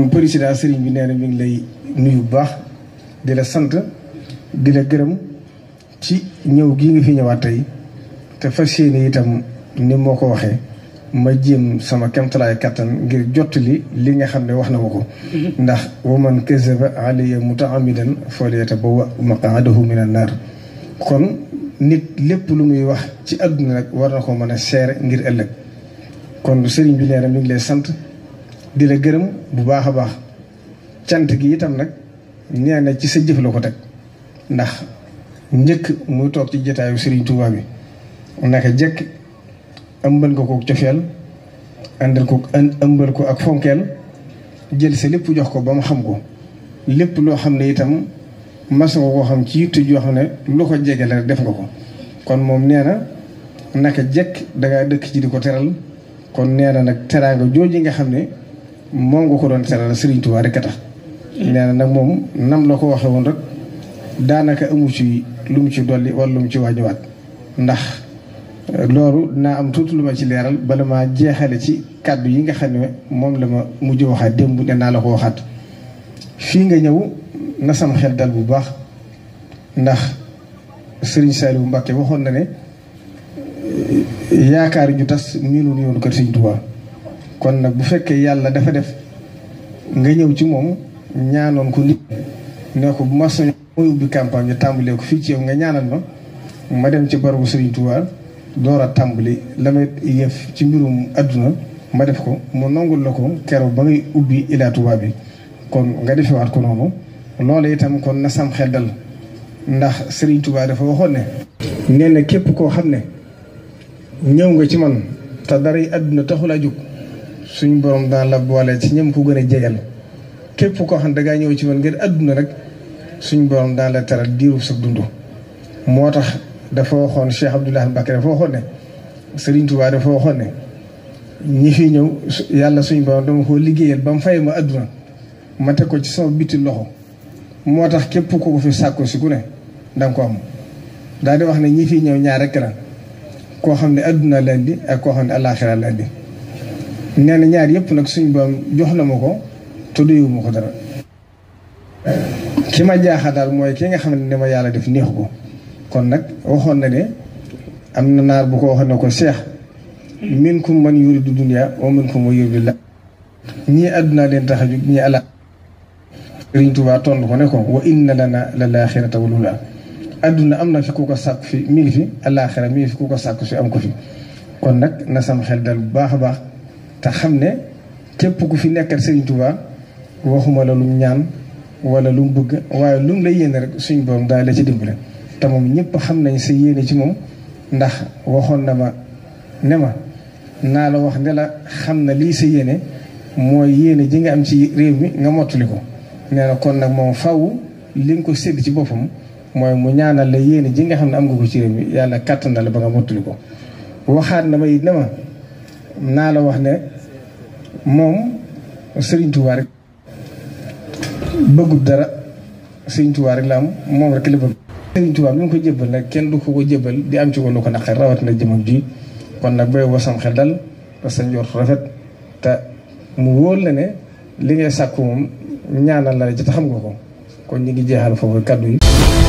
moom président Serigne bi nee na mi ngi lay nuyu bu baax di la sant dila gërëm ci ñëw gii ngi fi ñëwaat tey te fas yéene itam ni moo ko waxee ma jéem sama kemtalaay kattan ngir jottali li nga xam ne wax na ma ko mm-hmm. ndax mu tax waman kazaba alayya mutaamidan falyatabawwa maqaadahu min an naar kon nit lépp lu muy wax ci àdduna nag war ko mën a seere ngir ëllëg kon Serigne bi nee na mi lay sant di la gërëm bu baax a baax cant gi itam nag nee ci sa jëf la ko teg ndax njëkk muy toog ci jotaayu Serigne Touba bi naka jëkk ëmbal nga ko cofeel àndal ko ëmbal ko ak fonkeel jël sa lépp jox ko ba mu xam ko lépp loo xam ne itam mas nga koo xam ci yitte joo ne lu ko jege la def nga ko kon moom nee na naka jëkk dangaa dëkk ci di ko teral kon neena na nag teraanga jooju nga xam ne moom nga ko doon teral Serigne Touba rek a tax. nee na nag moom nam la ko waxee woon rek daanaka amu ci lu mu ci dolli wala lu mu ci wàññiwaat ndax euh, loolu naa am tuuti lu ma ci leeral bala maa jeexale ci kàddu yi nga xam ne moom la ma mujj waxaat démb ne naa la ko waxaat. fii nga ñëw na sam xel dal bu baax ndax Serigne Saliou Mbacké waxoon na ne euh, yaakaar ñu tas miinu yoonu kër Serigne Touba. kon nag bu fekkee yàlla dafa def nga ñëw ci moom ñaanoon ko nit ne ko bu ma mooy ubbi campagne ñu tàmbalee ko fii ci yow nga ñaanal ma ma dem ci barabu Sëriñ Tuubaa door a tàmbali la yëf ci mbirum àdduna ma def ko mu nangul la ko keroog ba ngay ubbi Ila Touba bi kon nga defewaat ko noonu loolu itam kon na sam xel dal ndax Sëriñ Tuubaa dafa waxoon ne nee képp koo xam ne ñëw nga ci man te dara yi àdduna taxul a jóg suñ borom daan la boole ci ñëm ko gën a jegal képp koo xam ne dangaa ñëw ci man ngir àdduna rek suñ borom daan la teral diirub sa dund moo tax dafa waxoon Cheikh Abdoulaye Mbacké dafa waxoon ne Serigne Touba dafa waxoon ne ñi fi ñëw yàlla suñ borom dama koo liggéeyal ba mu fay ma àdduna ma teg ko ci sama biti loxo moo tax képp ku ko fi sàkku si ku ne danga ko am daal di wax ne ñii fi ñëw ñaar rek la koo xam ne àdduna la indi ak koo xam ne àllaaxira la indi nee ñaar yëpp nag suñ boom jox na ma ko te doyu ma ko dara ki ma jaaxa daal mooy ki nga xam ne ni ma yàlla def neexu ko kon nag waxoon na ne am na naar bu ko waxoon ne ko seex minkum man yuridu dunya wa minkum man yuridu la leen tax a jóg ñii ala Sëriñ Tuubaa ko ne ko wa inna lana la laaxirata wal uulaa am na fi ku ko sàkk fi mi ngi fi alaaxira mi ngi fi ku ko sàkk fi am ko fi kon nag na sam xel dal bu baax a baax te xam ne képp ku fi nekkal Serigne Touba waxuma la lum ñaan wala lum bëgg waaye lum la yéene rek suñ borom daal la ci dimbale te moom ñëpp xam nañ sa yéene ci moom ndax waxoon na ma ne ma naa la wax ne la xam na lii sa yéene mooy yéene ji nga am ci réew mi nga mottali ko nee na kon nag moom faw li nga ko sédd ci boppam mooy mu ñaanal la yéene ji nga xam ne am nga ko ci réew mi yàlla kàttan na la ba nga mottali ko waxaat na ma it ne ma naa la wax ne moom sëriñtuwaar rek bëggut dara Serigne Touba rek la am moom rek la bëgg. Serigne Touba mi ngi ko jébbal nag kenn du ko ko jébbal di am ci ko lu ko naqar rawatina jëmam ji kon nag booy wasam xel dal te sa njort rafet te mu wóor la ne li ngay sàkku moom ñaanal la la ci te xam nga ko kon ñu ngi jeexal foofu kàddu yi.